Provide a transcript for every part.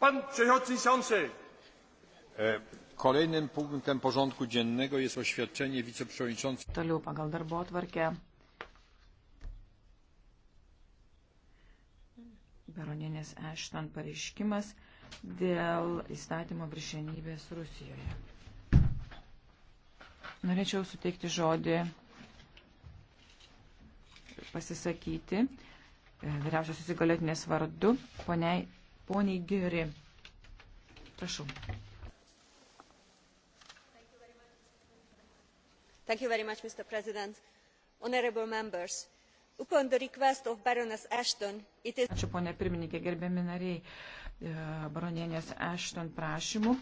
Pan przewodniczący! E, kolejnym punktem porządku dziennego jest oświadczenie wiceprzewodniczącego. Toliau pagal darbo atvarkę. Baronienės Ešton pareiškimas dėl įstatymo viršienybės Rusijoje. Norėčiau suteikti žodį pasisakyti e, vyriausios įsigaliotinės vardu poniai poniai Geri. Prašau. Thank you very much, Mr. President. Honorable members, upon the request of Baroness Ashton, it is... Ačiū, ponė pirmininkė, gerbiami nariai. E, baronienės Ashton prašymų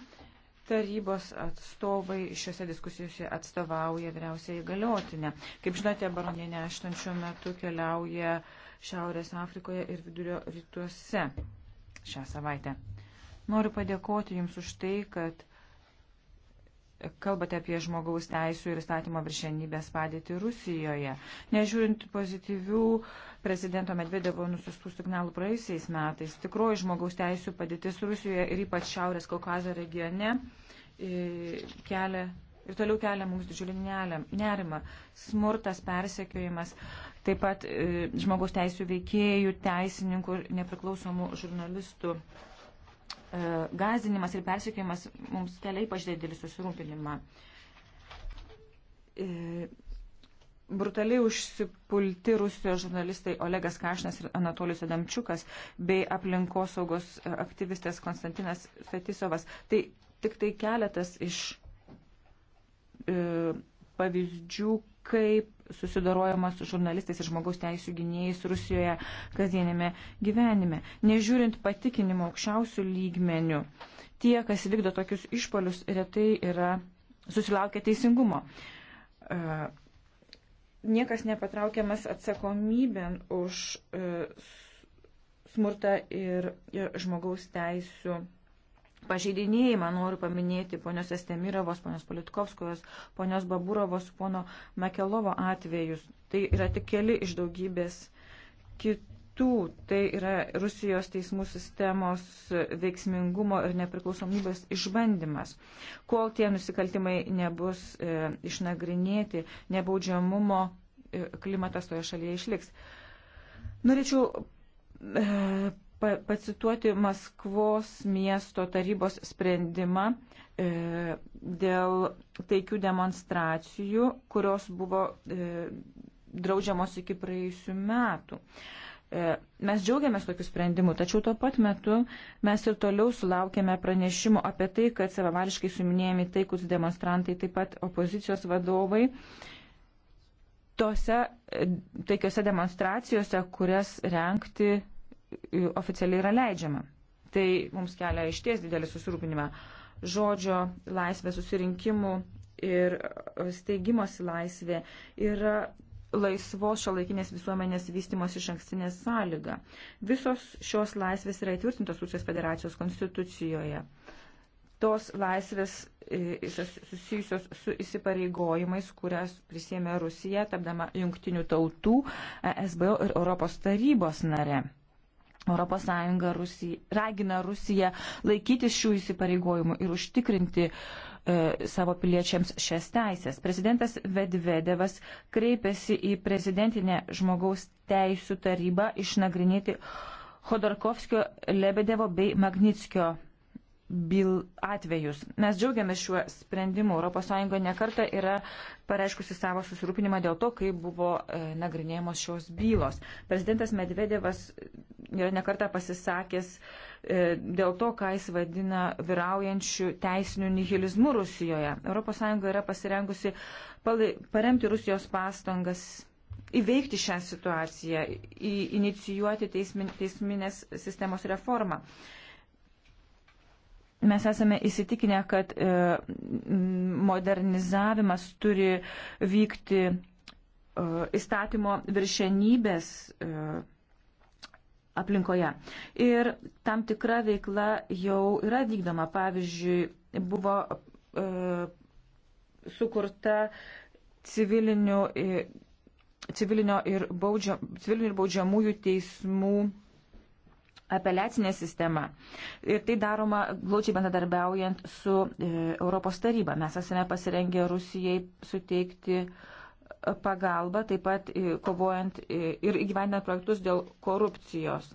tarybos atstovai šiuose diskusijose atstovauja vyriausiai galiotinę. Kaip žinote, baronienė Aštan šiuo metu keliauja Šiaurės Afrikoje ir vidurio rytuose šią savaitę. Noriu padėkoti Jums už tai, kad kalbate apie žmogaus teisų ir statymo viršenybės padėtį Rusijoje. Nežiūrint pozityvių prezidento Medvedevo nusistų signalų praeisiais metais, tikroji žmogaus teisų padėtis Rusijoje ir ypač Šiaurės Kaukazo regione e, kelia ir toliau kelia mums didžiulį nerimą. Smurtas, persekiojimas, taip pat e, žmogaus teisų veikėjų, teisininkų ir nepriklausomų žurnalistų e, gazinimas ir persikėjimas mums kelia ypač didelį susirūpinimą. E, brutaliai užsipulti Rusijos žurnalistai Olegas Kašnas ir Anatolijus Adamčiukas bei aplinkosaugos aktyvistės Konstantinas Fetisovas. Tai tik tai keletas iš e, pavyzdžių, kaip susidarojama su žurnalistais ir žmogaus teisų gynėjais Rusijoje kasdienėme gyvenime, nežiūrint patikinimo aukščiausių lygmenių. Tie, kas vykdo tokius išpolius, retai yra susilaukia teisingumo. E, niekas nepatraukiamas atsakomybėn už e, smurtą ir žmogaus teisų pažeidinėjimą noriu paminėti ponios Estemirovos, ponios Politkovskojos, ponios Baburovos, pono Makelovo atvejus. Tai yra tik keli iš daugybės kitų. Tai yra Rusijos teismų sistemos veiksmingumo ir nepriklausomybės išbandymas. Kol tie nusikaltimai nebus e, išnagrinėti, nebaudžiamumo e, klimatas toje šalyje išliks. Norėčiau e, pacituoti Maskvos miesto tarybos sprendimą e, dėl taikių demonstracijų, kurios buvo e, draudžiamos iki praėjusių metų. E, mes džiaugiamės tokiu sprendimu, tačiau tuo pat metu mes ir toliau sulaukėme pranešimų apie tai, kad savavališkai suminėjami taikus demonstrantai, taip pat opozicijos vadovai. Tose e, taikiose demonstracijose, kurias renkti oficialiai yra leidžiama. Tai mums kelia išties didelį susirūpinimą. Žodžio laisvė, susirinkimų ir e, steigimosi laisvė yra laisvos šiolaikinės visuomenės vystimos iš ankstinės sąlyga. Visos šios laisvės yra įtvirtintos Rusijos federacijos konstitucijoje. Tos laisvės e, susijusios su įsipareigojimais, kurias prisėmė Rusija, tapdama jungtinių tautų, ESBO ir Europos tarybos nare. ES Rusija, ragina Rusiją laikytis šių įsipareigojimų ir užtikrinti e, savo piliečiams šias teisės. Prezidentas Vedvedevas kreipėsi į prezidentinę žmogaus teisų tarybą išnagrinėti Khodorkovskio, Lebedevo bei Magnitskio byl atvejus. Mes džiaugiamės šiuo sprendimu. ES nekarta yra pareiškusi savo susirūpinimą dėl to, kaip buvo e, nagrinėjamos šios bylos. Prezidentas Medvedevas e, yra nekarta pasisakęs e, dėl to, ką jis vadina vyraujančių teisinių nihilizmų Rusijoje. ES yra pasirengusi paremti Rusijos pastangas įveikti šią situaciją, inicijuoti teismin, teisminės sistemos reformą. Mes esame įsitikinę, kad e, modernizavimas turi vykti e, įstatymo viršenybės e, aplinkoje. Ir tam tikra veikla jau yra vykdoma. Pavyzdžiui, buvo sukurta civilinių, civilinio ir, baudžia, civilinio ir baudžiamųjų teismų apeliacinė sistema. Ir tai daroma glaučiai bendradarbiaujant su e, Europos taryba. Mes esame pasirengę Rusijai suteikti e, pagalbą, taip pat e, kovojant e, ir įgyvendinant projektus dėl korupcijos.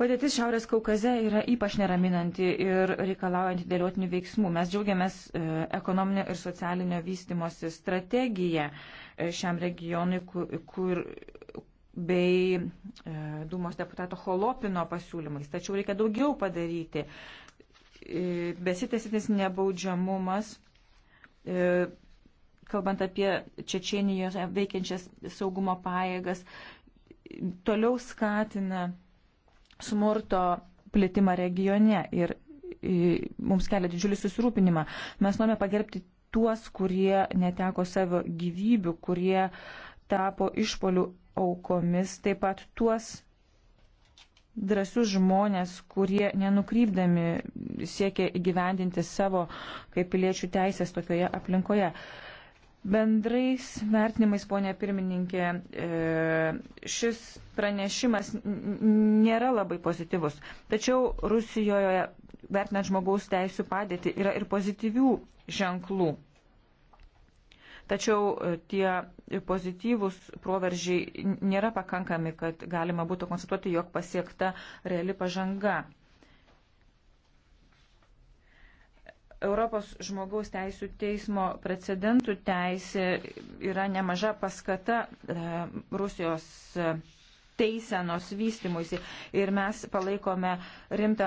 Padėtis Šiaurės Kaukaze yra ypač neraminanti ir reikalaujanti dėliotinių veiksmų. Mes džiaugiamės e, ekonominio ir socialinio vystimosi strategiją e, šiam regionui, kur, kur bei e, Dūmos deputato Holopino pasiūlymais. Tačiau reikia daugiau padaryti. E, Besitęsitis nebaudžiamumas, e, kalbant apie Čečienijoje veikiančias saugumo pajėgas, toliau skatina smurto plėtimą regione ir mums kelia didžiulį susirūpinimą. Mes norime pagerbti tuos, kurie neteko savo gyvybių, kurie tapo išpolių aukomis, taip pat tuos drąsius žmonės, kurie nenukrypdami siekia įgyvendinti savo kaip piliečių teisės tokioje aplinkoje. Bendrais vertinimais, ponė pirmininkė, e, šis pranešimas nėra labai pozityvus. Tačiau Rusijoje, vertinant žmogaus teisų padėtį, yra ir pozityvių ženklų. Tačiau e, tie pozityvūs proveržiai nėra pakankami, kad galima būtų konstatuoti, jog pasiekta reali pažanga. Europos žmogaus teisų teismo precedentų teisė yra nemaža paskata e, Rusijos teisenos vystimuisi. Ir mes palaikome rimtą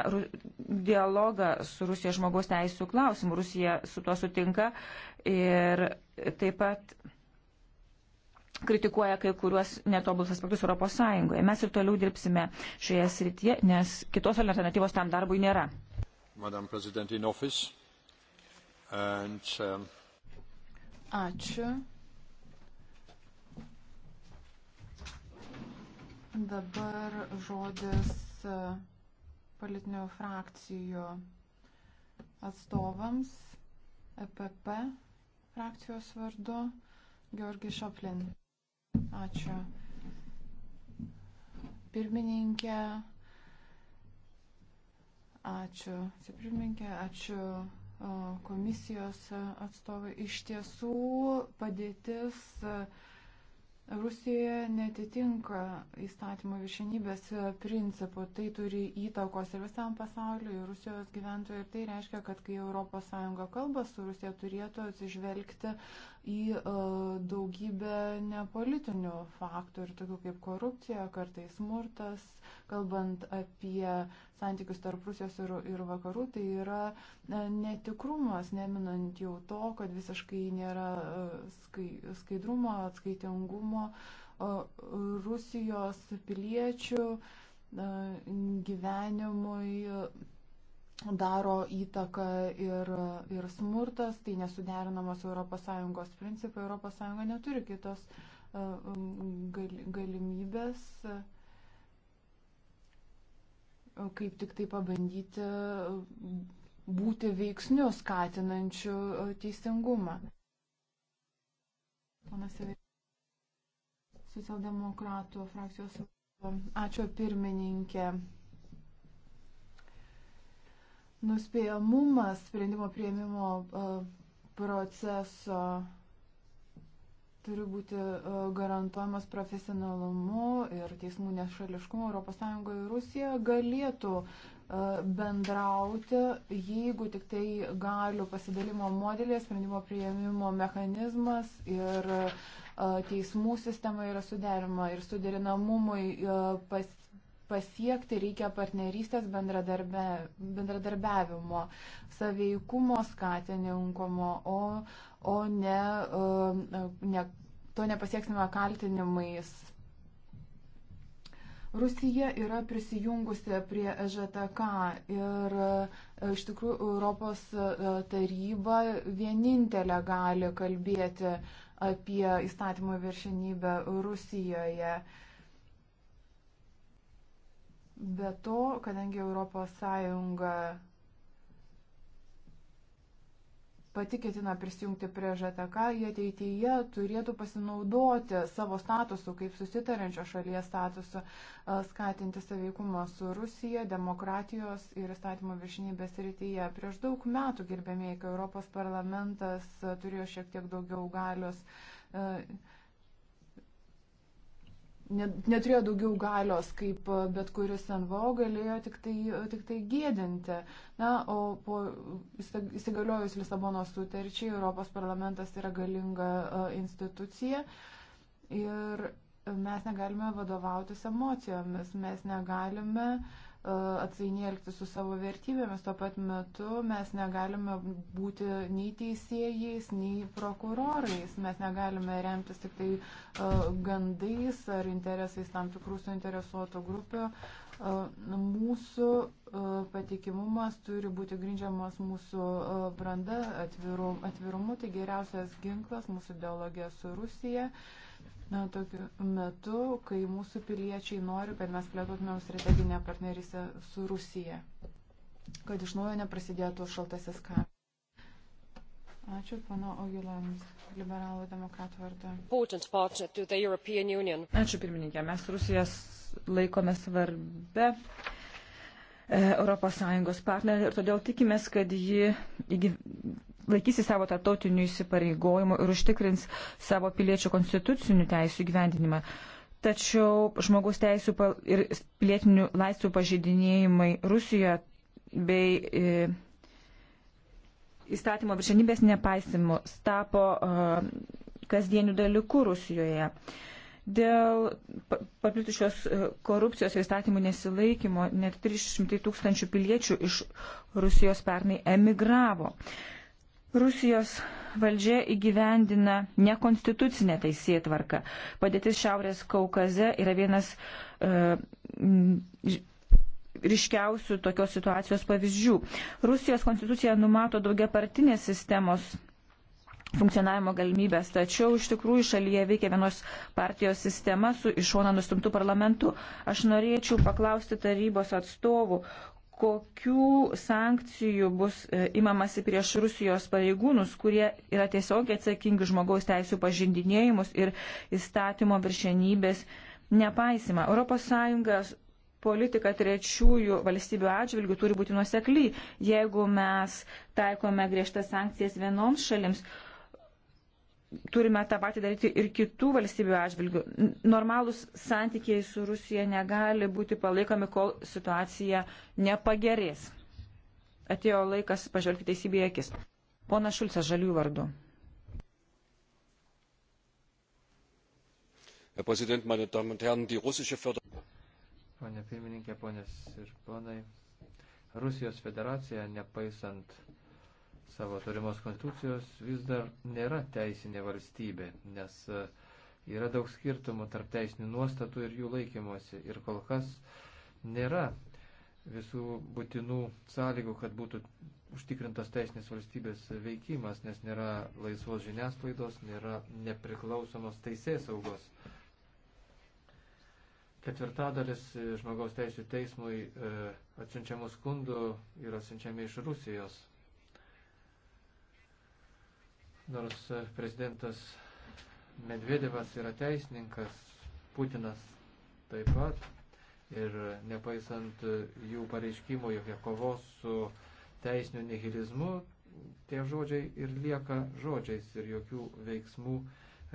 dialogą su Rusija žmogaus teisų klausimu. Rusija su tuo sutinka ir taip pat kritikuoja kai kuriuos netobulus aspektus Europos Sąjungoje. Mes ir toliau dirbsime šioje srityje, nes kitos alternatyvos tam darbui nėra. Madam President in Office. And, um... Ačiū. Dabar žodis e, politinių frakcijų atstovams EPP frakcijos vardu Georgi Šoplin. Ačiū. Pirmininkė, ačiū. Pirmininkė, ačiū e, komisijos atstovai. Iš tiesų padėtis uh, Rusijoje netitinka įstatymų viršinybės principų, tai turi įtakos ir visam pasauliu, ir Rusijos gyventojai, ir tai reiškia, kad kai ES kalba su Rusija, turėtų atsižvelgti į e, daugybę nepolitinių faktorių, tokių kaip korupcija, kartais smurtas, kalbant apie santykius tarp Rusijos ir, ir vakarų, tai yra e, netikrumas, neminant jau to, kad visiškai nėra e, skaidrumo, atskaitingumo Rusijos piliečių gyvenimui daro įtaką ir, ir smurtas, tai nesuderinamas ES principai, ES neturi kitos e, gal, galimybės e, kaip tik tai pabandyti būti veiksniu skatinančiu e, teisingumą. Panas Socialdemokratų frakcijos. Ačiū pirmininkė nuspėjamumas sprendimo prieimimo proceso turi būti garantuojamas profesionalumu ir teismų nešališkumu. ES ir Rusija galėtų bendrauti, jeigu tik tai galių pasidalimo modelė, sprendimo prieimimo mechanizmas ir teismų sistema yra suderima ir suderinamumui pas, pasiekti reikia partnerystės bendradarbia, bendradarbiavimo, saveikumo skatininkamo, o, o ne, e, ne, to nepasieksime kaltinimais. Rusija yra prisijungusi prie e ŽTK ir e, iš tikrųjų Europos taryba vienintelė gali kalbėti apie įstatymo viršenybę Rusijoje. Uh, Be to, kadangi ES pati ketina prisijungti prie ŽTK, jie ateityje turėtų pasinaudoti savo statusu, kaip susitarančio šalies statusu, e, skatinti saveikumą su Rusija, demokratijos ir įstatymo viršinybės rytyje. Prieš daug metų, gerbėmiai, kai Europos parlamentas turėjo šiek tiek daugiau galios. E, neturėjo daugiau galios, kaip e, bet kuris NVO galėjo tik tai, e, tik tai gėdinti. Na, o po įsigaliojus Lisabono sutarčiai Europos parlamentas yra galinga e, institucija ir mes negalime vadovautis emocijomis, mes negalime uh, atsainiai elgtis su savo vertybėmis. Tuo pat metu mes negalime būti nei teisėjais, nei prokurorais. Mes negalime remtis tik tai e, gandais ar interesais tam tikrų suinteresuotų grupių. Mūsų patikimumas turi būti grindžiamas mūsų branda atvirum, atvirumu, tai geriausias ginklas mūsų dialogė su Rusija. Na, tokiu metu, kai mūsų piliečiai nori, kad mes plėtotumėm strateginę partnerystę su Rusija, kad iš naujo neprasidėtų šaltasis karas. Ačiū, pana Ogiland, liberalų demokratų vardu. Ačiū, pirmininkė. Mes Rusijas laikome svarbę ES partnerį ir todėl tikimės, kad ji laikysi savo tarptautinių įsipareigojimų ir užtikrins savo piliečių konstitucinių teisų gyvendinimą. Tačiau žmogus teisų ir pilietinių laisvių pažeidinėjimai Rusijoje bei e, įstatymo viršenybės nepaisimus tapo kasdienių dalykų Rusijoje. Dėl paplitusios e, korupcijos ir įstatymų nesilaikymo net 300 tūkstančių piliečių iš Rusijos pernai emigravo. Rusijos valdžia įgyvendina nekonstitucinę teisėtvarką. Padėtis Šiaurės Kaukaze yra vienas e, ryškiausių tokios situacijos pavyzdžių. Rusijos konstitucija numato daugia partinės sistemos funkcionavimo galimybės, tačiau iš tikrųjų šalyje veikia vienos partijos sistema su iš šona nustumtų parlamentu. Aš norėčiau paklausti tarybos atstovų, kokių sankcijų bus e, imamasi prieš Rusijos pareigūnus, kurie yra tiesiog atsakingi žmogaus teisų pažindinėjimus ir įstatymo viršenybės nepaisimą. ES politika trečiųjų valstybių atžvilgių turi būti nuosekly. Jeigu mes taikome griežtas sankcijas vienoms šalims, turime tą patį daryti ir kitų valstybių atžvilgių. Normalūs santykiai su Rusija negali būti palaikomi, kol situacija nepagerės. Atėjo laikas pažvelgti teisybėje akis. Pona Šulcas, žalių vardu. Herr Präsident, meine Damen und Herren, die russische Förderung. Pone pirmininkė, ponės ir ponai, Rusijos federacija, nepaisant savo turimos konstitucijos, vis dar nėra teisinė valstybė, nes e, yra daug skirtumų tarp teisinių nuostatų ir jų laikymosi. Ir kol kas nėra visų būtinų sąlygų, kad būtų užtikrintas teisinės valstybės veikimas, nes nėra laisvos žiniasklaidos, nėra nepriklausomos teisės saugos ketvirtadalis žmogaus teisų teismui e, atsiunčiamų skundų yra atsiunčiami iš Rusijos. Nors e, prezidentas Medvedevas yra teisininkas, Putinas taip pat. Ir e, nepaisant jų pareiškimų, jog jie kovos su teisiniu nihilizmu, tie žodžiai ir lieka žodžiais ir jokių veiksmų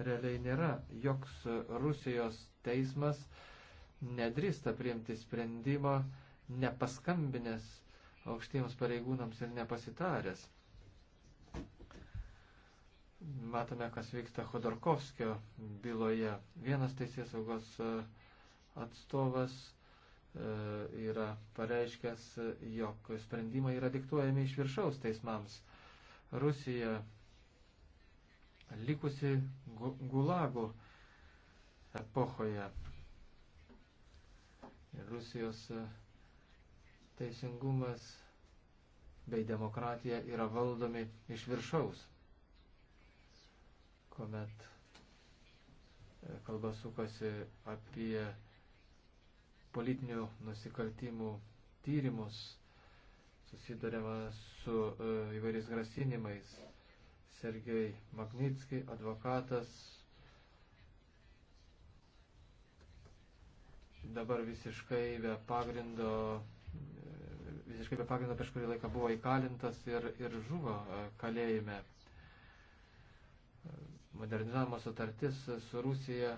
realiai nėra. Joks Rusijos teismas uh, nedrįsta priimti sprendimo, nepaskambinęs aukštiems pareigūnams ir nepasitaręs. Matome, kas vyksta Khodorkovskio byloje. Vienas teisės saugos e, atstovas e, yra pareiškęs, jog sprendimai yra diktuojami iš viršaus teismams. Rusija likusi gulagų epochoje Rusijos e, teisingumas bei demokratija yra valdomi iš viršaus, kuomet e, kalba sukasi apie politinių nusikaltimų tyrimus, susidurėma su e, įvairiais grasinimais. Sergei Magnitski, advokatas, dabar visiškai be pagrindo, visiškai be pagrindo prieš kurį laiką buvo įkalintas ir, ir žuvo e, kalėjime. Modernizavimo sutartis su Rusija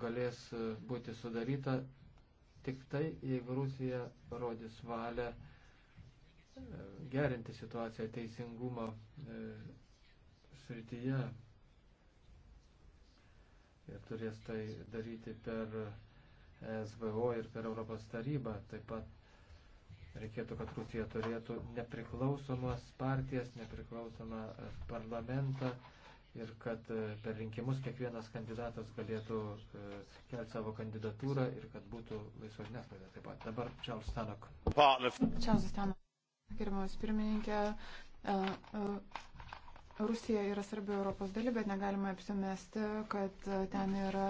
galės būti sudaryta tik tai, jeigu Rusija rodys valią e, gerinti situaciją teisingumo e, srityje ir turės tai daryti per SBO ir per Europos tarybą. Taip pat reikėtų, kad Rusija turėtų nepriklausomas partijas, nepriklausomą e, parlamentą ir kad e, per rinkimus kiekvienas kandidatas galėtų e, kelti savo kandidatūrą ir kad būtų laisva žiniasklaida taip pat. Dabar Čiaus Stanok. Čiaus Stanok. Gerbiamas pirmininkė, Rusija yra svarbi Europos daly, bet negalime apsimesti, kad e, ten yra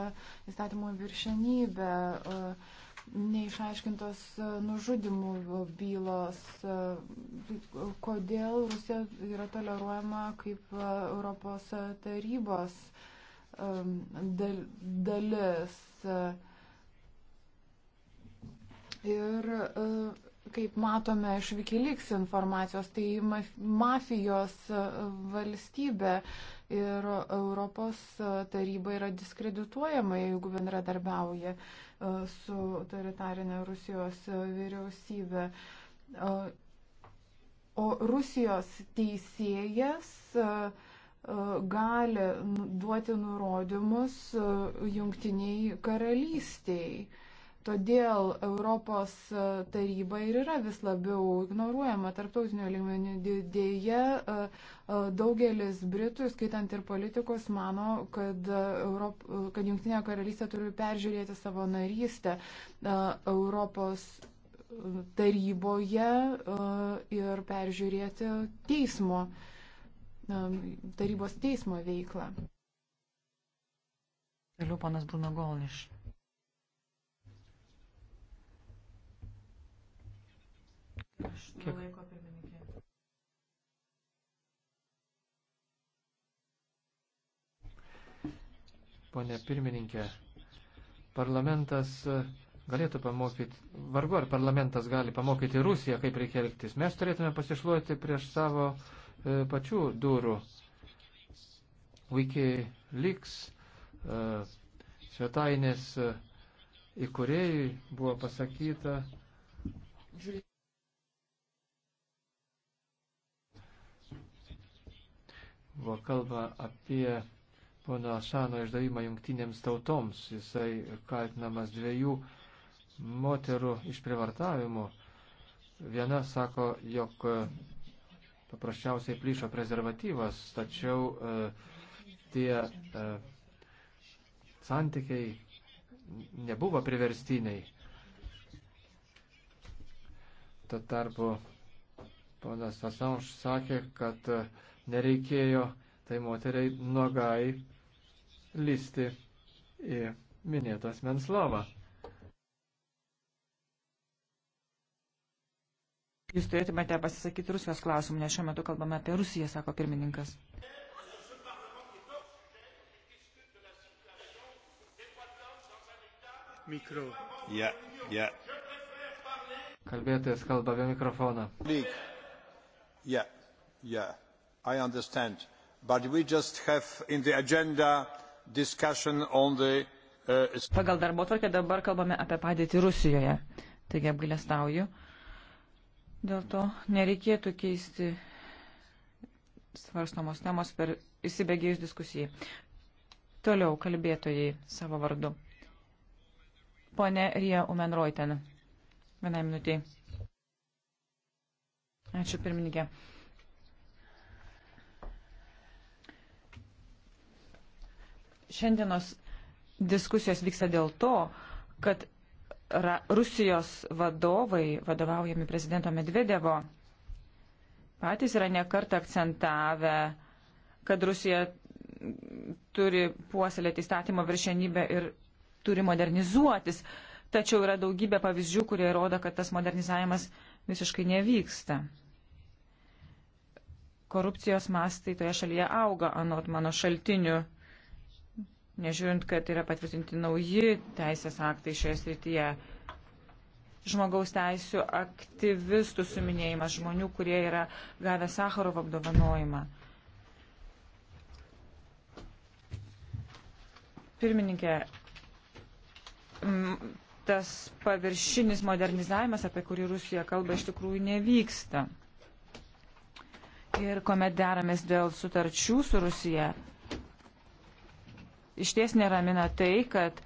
įstatymų viršenybė, e, neišaiškintos e, nužudimų bylos. Kodėl Rusija yra toleruojama kaip Europos tarybos dalis. Ir kaip matome iš Wikileaks informacijos, tai mafijos e, valstybė ir Europos e, taryba yra diskredituojama, jeigu bendradarbiauja e, su autoritarinė Rusijos vyriausybė. O Rusijos teisėjas gali nu-, duoti nurodymus jungtiniai karalystiai. Todėl Europos taryba ir yra vis labiau ignoruojama tarptautinio lygmenių. Dėje e, daugelis Britų, skaitant ir politikus, mano, kad, e, Europ, kad Junktinė karalystė turi peržiūrėti savo narystę e, Europos taryboje ir peržiūrėti teismo, tarybos teismo veiklą. Toliau panas Brunagolniš. Aš nulaiko pirmininkė. Pone pirmininkė, parlamentas e, galėtų pamokyti, vargu ar parlamentas gali pamokyti Rusiją, kaip reikia elgtis. Mes turėtume pasišluoti prieš savo e, pačių durų. Wikileaks e, svetainės e, įkurėjai buvo pasakyta. Žiūrėk. Buvo kalba apie pono Asano išdavimą jungtinėms tautoms. Jisai kaltinamas dviejų moterų išprivartavimu. Viena sako, jog e, paprasčiausiai plyšo prezervatyvas, tačiau e, tie e, santykiai nebuvo priverstiniai. Tuo tarpu Ponas Assange sakė, kad e, nereikėjo tai moteriai nuogai lysti į minėtas menslovą. Jūs turėtumėte pasisakyti Rusijos klausimų, nes šiuo metu kalbame apie Rusiją, sako pirmininkas. Mikro. Yeah, yeah. Kalbėtojas kalba apie mikrofoną. Lyg. Yeah, yeah, I understand. But we just have in the agenda discussion on the. Uh, Pagal darbo tvarkę dabar kalbame apie padėtį Rusijoje. Taigi apgailestauju. Dėl to nereikėtų keisti svarstomos temos per įsibėgėjus diskusijai. Toliau kalbėtojai savo vardu. Pone Rija Umenroiten. Vienai minutiai. Ačiū pirmininkė. Šiandienos diskusijos vyksta dėl to, kad ra, Rusijos vadovai, vadovaujami prezidento Medvedevo, patys yra nekartą akcentavę, kad Rusija turi puoselėti įstatymo viršenybę ir turi modernizuotis. Tačiau yra daugybė pavyzdžių, kurie rodo, kad tas modernizavimas visiškai nevyksta. Korupcijos mastai toje šalyje auga, anot mano šaltinių, nežiūrint, kad yra patvirtinti nauji teisės aktai šioje srityje. Žmogaus teisų aktyvistų suminėjimas žmonių, kurie yra gavę Sakharovo apdovanojimą. Pirmininkė, tas paviršinis modernizavimas, apie kurį Rusija kalba, iš tikrųjų nevyksta. Ir kuomet deramės dėl sutarčių su Rusija, iš ties neramina tai, kad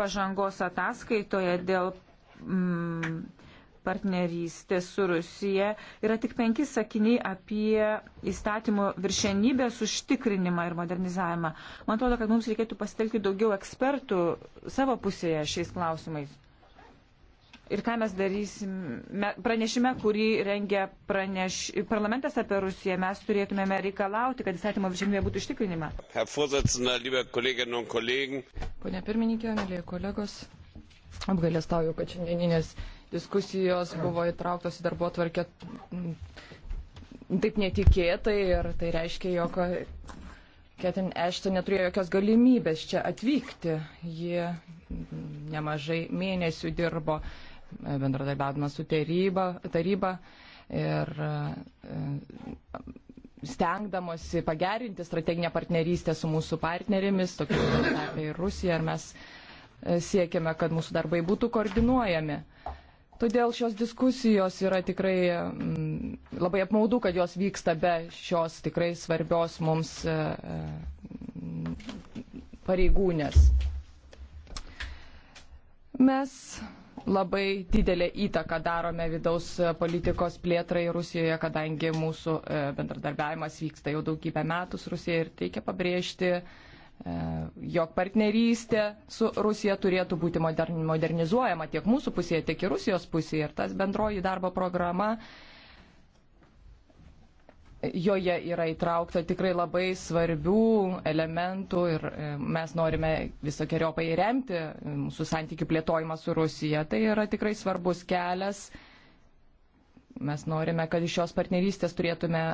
pažangos ataskaitoje dėl mm, partnerystės su Rusija yra tik penki sakiniai apie įstatymo viršenybės užtikrinimą ir modernizavimą. Man atrodo, kad mums reikėtų pasitelkti daugiau ekspertų savo pusėje šiais klausimais. Ir ką mes darysime, pranešime, kurį rengia praneš, parlamentas apie Rusiją, mes turėtumėme reikalauti, kad įstatymo viršenybė būtų ištikrinima. Pone pirmininkė, mėlyje kolegos, apgailestauju, kad šiandieninės diskusijos buvo įtrauktos į darbo tvarkę mm, taip netikėtai ir tai reiškia, jog Ketin Ešton neturėjo jokios galimybės čia atvykti. Ji mm, nemažai mėnesių dirbo e, bendradarbiavimas su taryba, taryba ir e, stengdamosi pagerinti strateginę partnerystę su mūsų partnerėmis, tokiais kaip ir Rusija, ir mes e, siekiame, kad mūsų darbai būtų koordinuojami. Todėl šios diskusijos yra tikrai m, mm, labai apmaudu, kad jos vyksta be šios tikrai svarbios mums m, e, e, pareigūnės. Mes labai didelę įtaką darome vidaus politikos plėtrai Rusijoje, kadangi mūsų e, bendradarbiavimas vyksta jau daugybę metų su Rusija ir reikia pabrėžti, E, jog partnerystė su Rusija turėtų būti modernizuojama tiek mūsų pusėje, tiek ir Rusijos pusėje. Ir tas bendroji darbo programa, joje yra įtraukta tikrai labai svarbių elementų ir e, mes norime visokiojopai remti e, mūsų santykių plėtojimą su Rusija. Tai yra tikrai svarbus kelias. Mes norime, kad iš šios partnerystės turėtume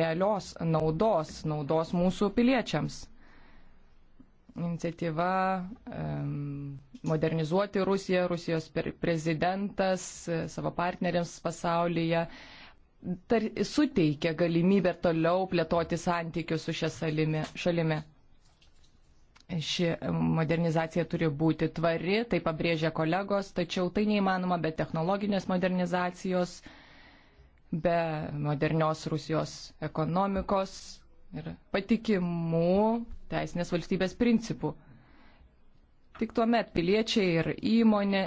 realios naudos, naudos mūsų piliečiams iniciatyva modernizuoti Rusiją, Rusijos prezidentas e, savo partneriams pasaulyje tar, suteikia galimybę toliau plėtoti santykius su šia salimi, šalimi. Ši modernizacija turi būti tvari, tai pabrėžia kolegos, tačiau tai neįmanoma be technologinės modernizacijos, be modernios Rusijos ekonomikos, ir patikimų teisinės valstybės principų. Tik tuomet piliečiai ir įmonė,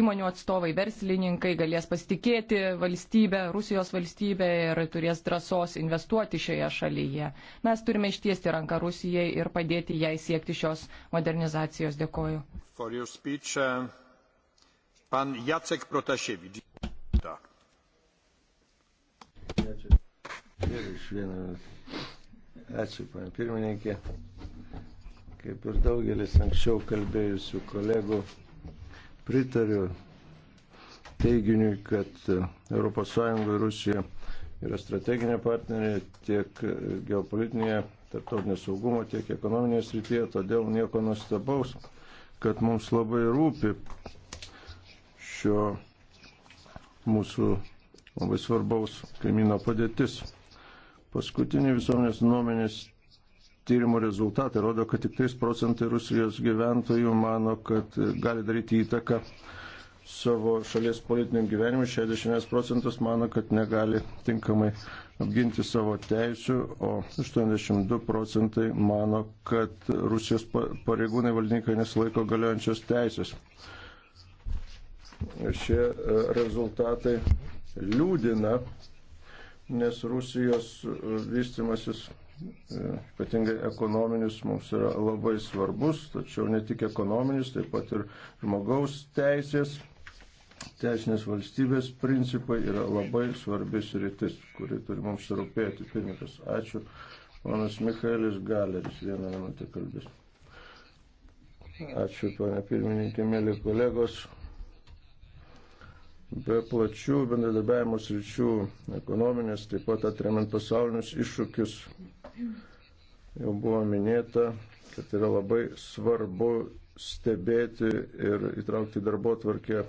įmonių atstovai, verslininkai galės pasitikėti valstybę, Rusijos valstybę ir turės drąsos investuoti šioje šalyje. Mes turime ištiesti ranką Rusijai ir padėti jai siekti šios modernizacijos. Dėkoju. Speech, uh, pan Jacek Protaševič. Ačiū. Ir iš vienos. Ačiū, pana pirmininkė. Kaip ir daugelis anksčiau kalbėjusių kolegų, pritariu teiginiui, kad ES ir Rusija yra strateginė partnerė tiek geopolitinėje, tarptautinio saugumo, tiek ekonominėje srityje, todėl nieko nustabaus, kad mums labai rūpi šio mūsų labai svarbaus kaimino padėtis. Paskutiniai visuomenės nuomenės tyrimų rezultatai rodo, kad tik 3 procentai Rusijos gyventojų mano, kad gali daryti įtaką savo šalies politiniam gyvenimui, 60 procentus mano, kad negali tinkamai apginti savo teisių, o 82 procentai mano, kad Rusijos pareigūnai valdininkai nesilaiko galiojančios teisės. Šie e, rezultatai liūdina nes Rusijos e, vystimasis, e, ypatingai ekonominis, mums yra labai svarbus, tačiau ne tik ekonominis, taip pat ir žmogaus teisės, teisinės valstybės principai yra labai svarbis rytis, kuri turi mums rūpėti. Pirmininkas, ačiū. Manas Michaelis Galeris vieną minutę kalbės. Ačiū, ponia pirmininkė, mėly kolegos be plačių bendradarbiavimo sričių ekonominės, taip pat atremiant pasaulinius iššūkius, jau buvo minėta, kad yra labai svarbu stebėti ir įtraukti darbo tvarkę e,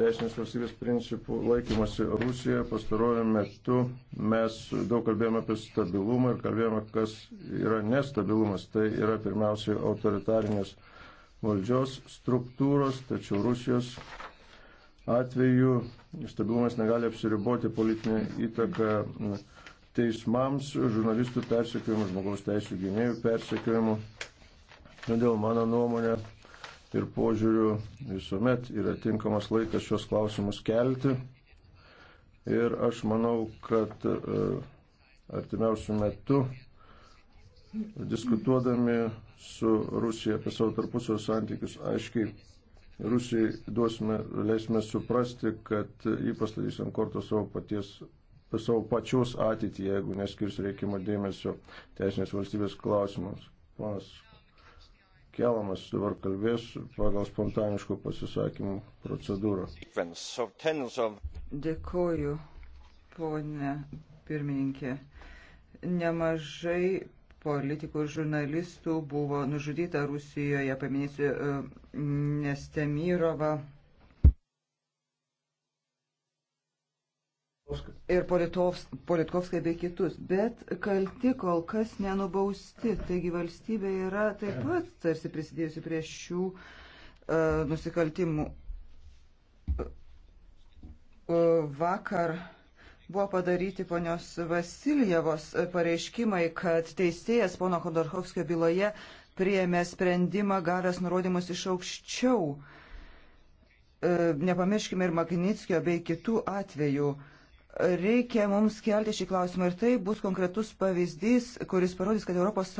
teisinės valstybės principų laikymasi Rusijoje. Pastaruoju metu mes daug kalbėjome apie stabilumą ir kalbėjome, kas yra nestabilumas. Tai yra pirmiausiai autoritarinės valdžios struktūros, tačiau Rusijos atveju stabilumas negali apsiriboti politinę įtaką teismams, žurnalistų persekiojimu, žmogaus teisų gynėjų persekiojimu. Todėl mano nuomonė ir požiūriu visuomet yra tinkamas laikas šios klausimus kelti. Ir aš manau, kad e, artimiausių metų diskutuodami su Rusija apie savo tarpusio santykius aiškiai Rusijai duosime, leisime suprasti, kad jį pastatys ant kortos savo paties savo pačius ateitį, jeigu neskirs reikimo dėmesio teisinės valstybės klausimams. Panas Kelamas dabar kalbės pagal spontaniškų pasisakymų procedūrą. Dėkoju, ponė pirmininkė. Nemažai politikų ir žurnalistų buvo nužudyta Rusijoje, paminėsiu e, Nestemirovą. Ir Politkovskai bei kitus, bet kalti kol kas nenubausti, taigi valstybė yra taip pat tarsi prisidėjusi prie šių uh, nusikaltimų. Uh, vakar uh, buvo padaryti ponios Vasiljevos pareiškimai, kad teisėjas pono Khodorkovskio byloje priėmė sprendimą gavęs nurodymus iš aukščiau. E, nepamirškime ir Magnitskio bei kitų atvejų. Reikia mums kelti šį klausimą ir tai bus konkretus pavyzdys, kuris parodys, kad ES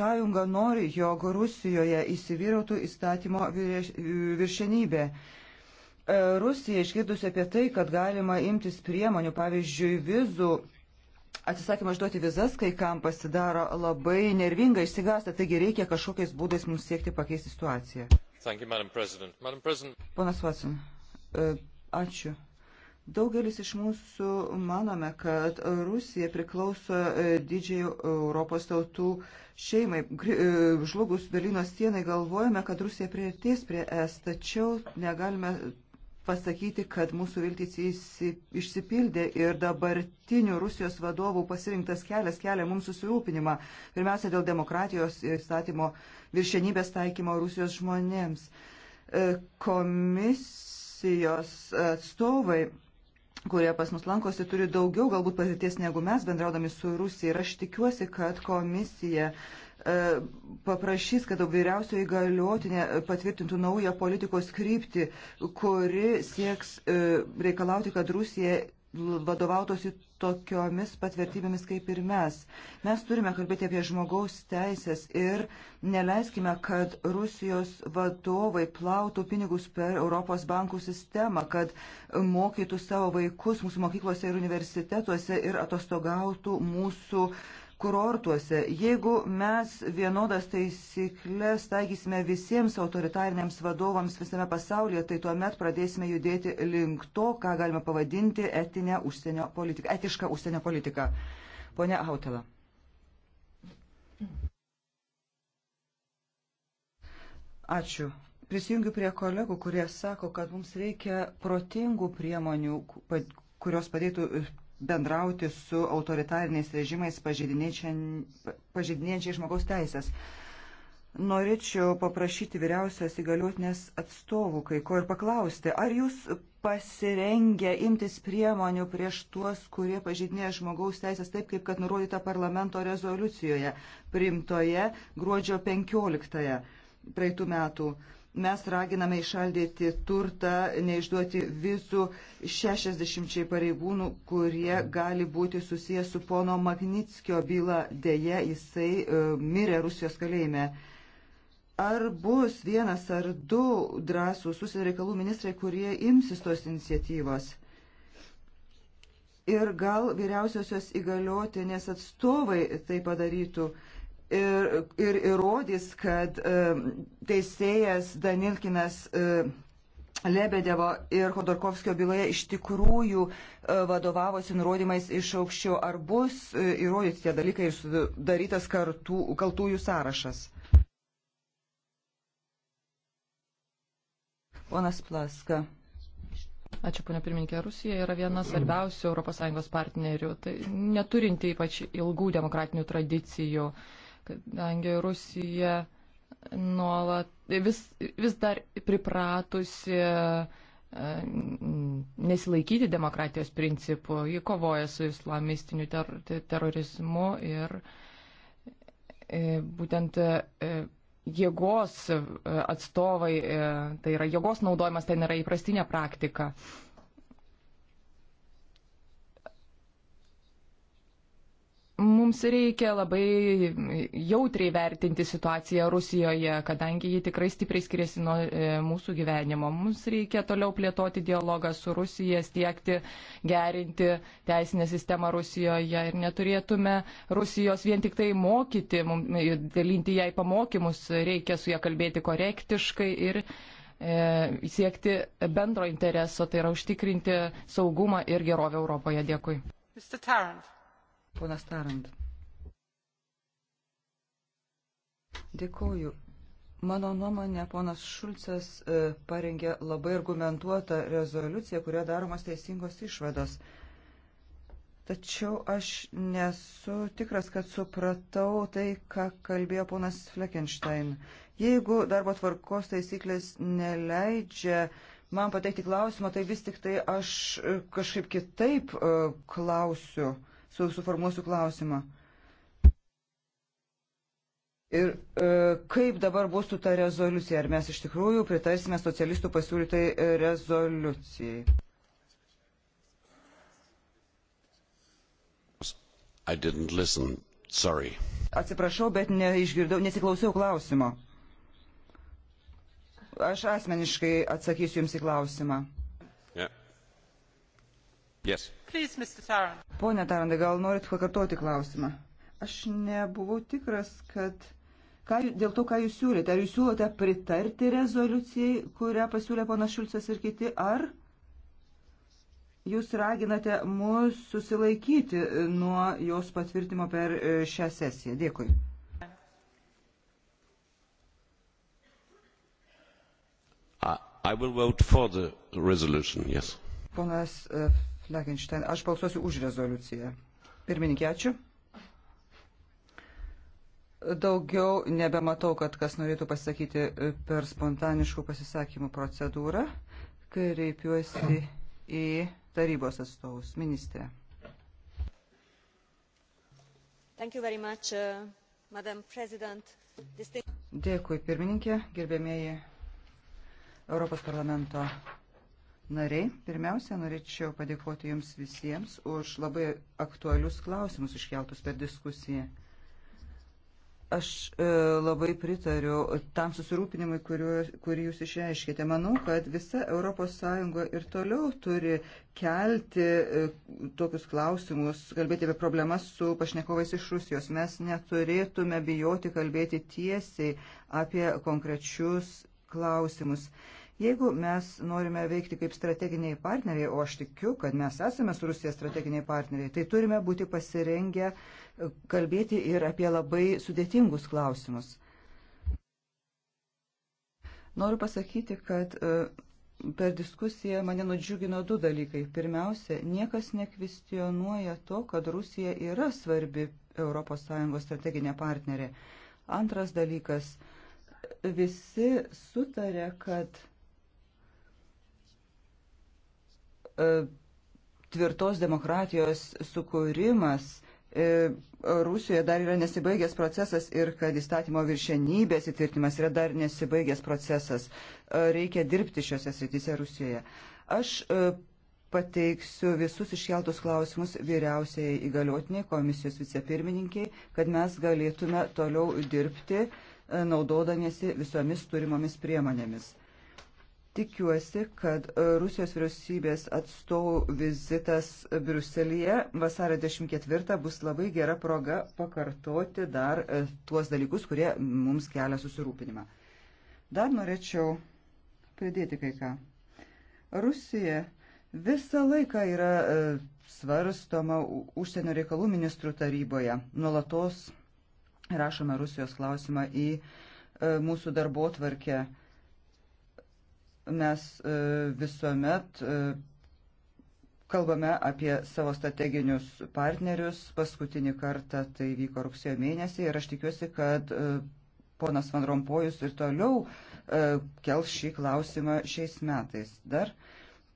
nori, jog Rusijoje įsivyrautų įstatymo viršenybė. Virš E, Rusija išgirdusi apie tai, kad galima imtis priemonių, pavyzdžiui, vizų, atsisakymą išduoti vizas, kai kam pasidaro labai nervinga, išsigasta, taigi reikia kažkokiais būdais mums siekti pakeisti situaciją. You, Madam President. Madam President. Ponas Watson, e, ačiū. Daugelis iš mūsų manome, kad Rusija priklauso e, didžiai Europos tautų šeimai. Žlugus Berlyno sienai galvojame, kad Rusija prieartės prie es, tačiau negalime pasakyti, kad mūsų viltys išsipildė ir dabartinių Rusijos vadovų pasirinktas kelias kelia mums susirūpinimą. Pirmiausia, dėl demokratijos ir statymo viršenybės taikymo Rusijos žmonėms. E, komisijos atstovai kurie pas mus lankosi, turi daugiau galbūt patirties negu mes bendraudami su Rusija. Ir aš tikiuosi, kad komisija uh, E, paprašys, kad vyriausioji galiotinė patvirtintų naują politikos kryptį, kuri sieks e, reikalauti, kad Rusija vadovautosi tokiomis patvirtybėmis kaip ir mes. Mes turime kalbėti apie žmogaus teisės ir neleiskime, kad Rusijos vadovai plautų pinigus per Europos bankų sistemą, kad mokytų savo vaikus mūsų mokyklose ir universitetuose ir atostogautų mūsų uh, kurortuose. Jeigu mes vienodas taisyklės taikysime visiems autoritariniams vadovams visame pasaulyje, tai tuomet pradėsime judėti link to, ką galima pavadinti etinę užsienio politiką, etišką užsienio politiką. Pone Autela. Ačiū. Prisijungiu prie kolegų, kurie sako, kad mums reikia protingų priemonių, kurios padėtų bendrauti su autoritariniais režimais pažydinėjančiai žmogaus teisės. Norėčiau paprašyti vyriausios įgaliotinės atstovų kai ko ir paklausti, ar jūs pasirengę imtis priemonių prieš tuos, kurie pažydinėja žmogaus teisės taip, kaip kad nurodyta parlamento rezoliucijoje primtoje gruodžio 15 praeitų metų. Mes raginame išaldyti turtą, neišduoti vizų 60 pareigūnų, kurie gali būti susijęs su pono Magnitskio byla. Deja, jisai e, mirė Rusijos kalėjime ar bus vienas ar du drąsūs užsienio reikalų ministrai, kurie imsis tos iniciatyvos. Ir gal vyriausiosios įgaliotinės atstovai tai padarytų ir, ir įrodys, kad e, teisėjas Danilkinas e, Lebedevo ir Hodorkovskio byloje iš tikrųjų e, vadovavosi nurodymais iš aukščiau, ar bus įrodyti tie dalykai ir sudarytas kartų, kaltųjų sąrašas. Ponas Plaska. Ačiū, ponia pirmininkė. Rusija yra viena svarbiausių ES partnerių, tai neturinti ypač ilgų demokratinių tradicijų. Uh, kadangi Rusija nuolat vis, vis dar pripratusi e, nesilaikyti demokratijos principų, ji kovoja su islamistiniu ter terorizmu ir e, būtent e, jėgos atstovai, tai yra jėgos naudojimas, tai nėra įprastinė praktika. mums reikia labai jautriai vertinti situaciją Rusijoje, kadangi ji tikrai stipriai skiriasi nuo e, mūsų gyvenimo. Mums reikia toliau plėtoti dialogą su Rusija, stiekti, gerinti teisinę sistemą Rusijoje ir neturėtume Rusijos vien tik tai mokyti, e, dalinti jai pamokymus, reikia su ją kalbėti korektiškai ir e, siekti bendro intereso, tai yra užtikrinti saugumą ir gerovę Europoje. Dėkui. Mr. Tarrant. Ponas Tarant. Dėkuoju. Mano nuomonė, ponas Šulcas e, parengė labai argumentuotą rezoliuciją, kurioje daromos teisingos išvados. Tačiau aš nesu tikras, kad supratau tai, ką kalbėjo ponas Fleckenstein. Jeigu darbo tvarkos taisyklės neleidžia man pateikti klausimą, tai vis tik tai aš e, kažkaip kitaip e, klausiu su, suformuosiu klausimą. Ir e, kaip dabar bus su ta rezoliucija? Ar mes iš tikrųjų pritarsime socialistų pasiūlytai rezoliucijai? Atsiprašau, bet neišgirdau, nesiklausiau klausimo. Aš asmeniškai atsakysiu Jums į klausimą. Yes. Pone Tarandai, gal norit pakartoti klausimą? Aš nebuvau tikras, kad ką, dėl to, ką jūs siūlėte. Ar jūs siūlote pritarti rezoliucijai, kurią pasiūlė ponas Šulcas ir kiti, ar jūs raginate mus susilaikyti nuo jos patvirtimo per e, šią sesiją? Dėkui. I will vote for the resolution, yes. Ponas e, Lekenštain, aš balsuosiu už rezoliuciją. Pirmininkė, ačiū. Daugiau nebematau, kad kas norėtų pasakyti per spontaniškų pasisakymų procedūrą. Kreipiuosi į tarybos atstovus. Ministrė. Much, uh, Dėkui, pirmininkė, gerbėmėji Europos parlamento nariai. Pirmiausia, norėčiau padėkoti Jums visiems už labai aktualius klausimus iškeltus per diskusiją. Aš e, labai pritariu tam susirūpinimui, kuriuo, kurį Jūs išreiškite. Manau, kad visa ES ir toliau turi kelti e, tokius klausimus, kalbėti apie problemas su pašnekovais iš Rusijos. Mes neturėtume bijoti kalbėti tiesiai apie konkrečius klausimus. E, Jeigu mes norime veikti kaip strateginiai partneriai, o aš tikiu, kad mes esame su Rusija strateginiai partneriai, tai turime būti pasirengę kalbėti ir apie labai sudėtingus klausimus. Noriu pasakyti, kad e, per diskusiją mane nudžiugino du dalykai. Pirmiausia, niekas nekvestionuoja to, kad Rusija yra svarbi ES strateginė partnerė. Antras dalykas, visi sutarė, kad E, tvirtos demokratijos sukūrimas e, Rusijoje dar yra nesibaigęs procesas ir kad įstatymo viršenybės įtvirtimas yra dar nesibaigęs procesas. E, reikia dirbti šiuose srityse Rusijoje. Aš pateiksiu visus iškeltus klausimus vyriausiai įgaliotiniai komisijos vicepirmininkiai, kad mes galėtume toliau dirbti naudodamiesi visomis turimomis priemonėmis. Tikiuosi, kad e, Rusijos vyriausybės atstovų vizitas Briuselyje vasario 14 bus labai gera proga pakartoti dar e, tuos dalykus, kurie mums kelia susirūpinimą. Dar norėčiau pridėti kai ką. Rusija visą laiką yra e, svarstoma užsienio reikalų ministrų taryboje. Nuolatos rašome Rusijos klausimą į mūsų darbo tvarkę. Mes e, visuomet e, kalbame apie savo strateginius partnerius. Paskutinį kartą tai vyko rugsėjo mėnesį ir aš tikiuosi, kad e, ponas Van Rompojus ir toliau kels šį klausimą šiais metais. Dar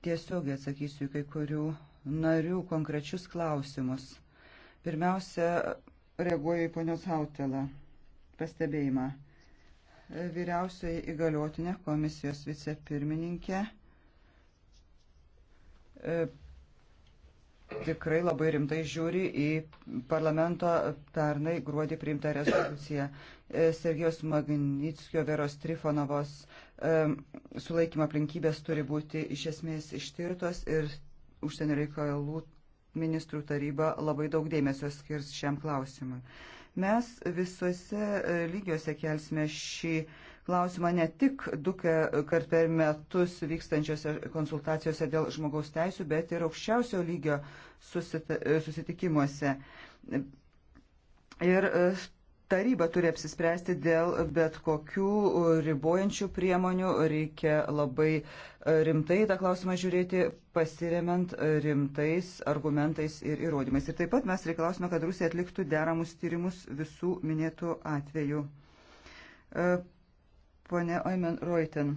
tiesiogiai atsakysiu kai kurių narių konkrečius klausimus. Pirmiausia, reaguoju į ponios Hautelą pastebėjimą vyriausioji įgaliotinė komisijos vicepirmininkė e, tikrai labai rimtai žiūri į parlamento pernai gruodį priimtą rezoliuciją. E, Sergijos Magnickio Veros Trifonovos e, sulaikymo aplinkybės turi būti iš esmės ištirtos ir užsienio reikalų ministrų taryba labai daug dėmesio skirs šiam klausimui. Mes visuose e, lygiuose kelsime šį klausimą ne tik du e, kart per metus vykstančiose konsultacijose dėl žmogaus teisų, bet ir aukščiausio lygio e, susitikimuose. Ir taryba turi apsispręsti dėl bet kokių ribojančių priemonių. Reikia labai e, rimtai tą klausimą žiūrėti, pasiremiant e, rimtais argumentais ir įrodymais. Ir taip pat mes reikalausime, kad Rusija atliktų deramus tyrimus visų minėtų atvejų. E, Pone Oimen Reuten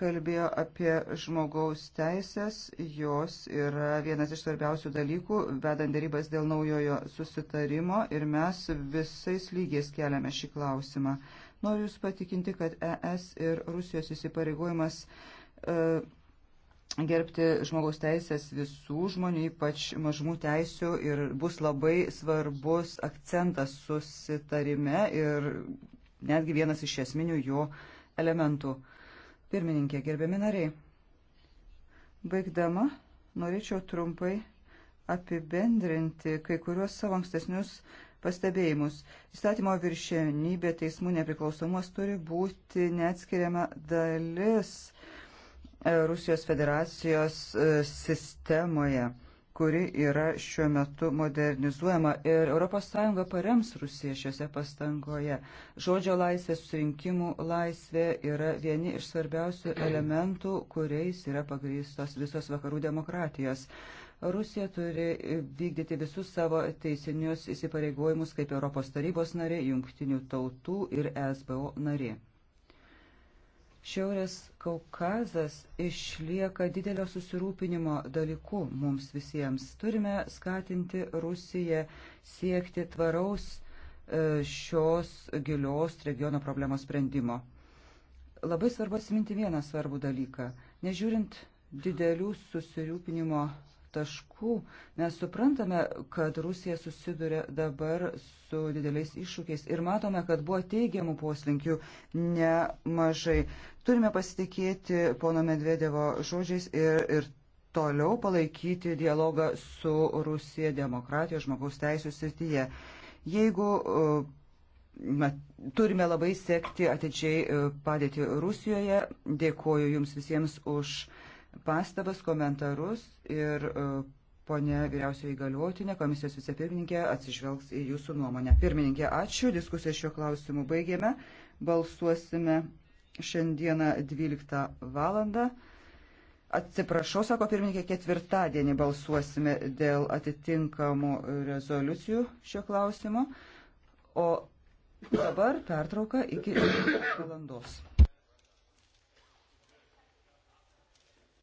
kalbėjo apie žmogaus teisės, jos yra vienas iš svarbiausių dalykų, vedant darybas dėl naujojo susitarimo ir mes visais lygiais keliame šį klausimą. Noriu Jūs patikinti, kad ES ir Rusijos įsipareigojimas e, gerbti žmogaus teisės visų žmonių, ypač mažmų teisių, ir bus labai svarbus akcentas susitarime ir netgi vienas iš esminių jo elementų. Pirmininkė, gerbiami nariai, baigdama norėčiau trumpai apibendrinti kai kuriuos savo ankstesnius pastebėjimus. Įstatymo viršienybė teismų nepriklausomumas turi būti neatskiriama dalis e, Rusijos federacijos e, sistemoje kuri yra šiuo metu modernizuojama ir ES parems Rusiją šiuose pastangoje. Žodžio laisvė, susirinkimų laisvė yra vieni iš svarbiausių elementų, kuriais yra pagrįstos visos vakarų demokratijos. Rusija turi vykdyti visus savo teisinius įsipareigojimus kaip Europos tarybos narė, jungtinių tautų ir SBO narė. Šiaurės Kaukazas išlieka didelio susirūpinimo dalyku mums visiems. Turime skatinti Rusiją siekti tvaraus e, šios gilios regiono problemos sprendimo. Labai svarbu atsiminti vieną svarbų dalyką. Nežiūrint didelių susirūpinimo taškų. Mes suprantame, kad Rusija susiduria dabar su dideliais iššūkiais ir matome, kad buvo teigiamų poslinkių nemažai. Turime pasitikėti pono Medvedevo žodžiais ir, ir toliau palaikyti dialogą su Rusija demokratijos žmogaus teisų srityje. Jeigu uh, turime labai sekti atidžiai e, padėti Rusijoje. Dėkoju Jums visiems už pastabas, komentarus ir e, ponė vyriausioji galiotinė, komisijos vicepirmininkė, atsižvelgs į jūsų nuomonę. Pirmininkė, ačiū, diskusiją šiuo klausimu baigėme, balsuosime šiandieną 12 valandą. Atsiprašau, sako pirmininkė, ketvirtadienį balsuosime dėl atitinkamų rezoliucijų šio klausimo, o dabar pertrauka iki valandos.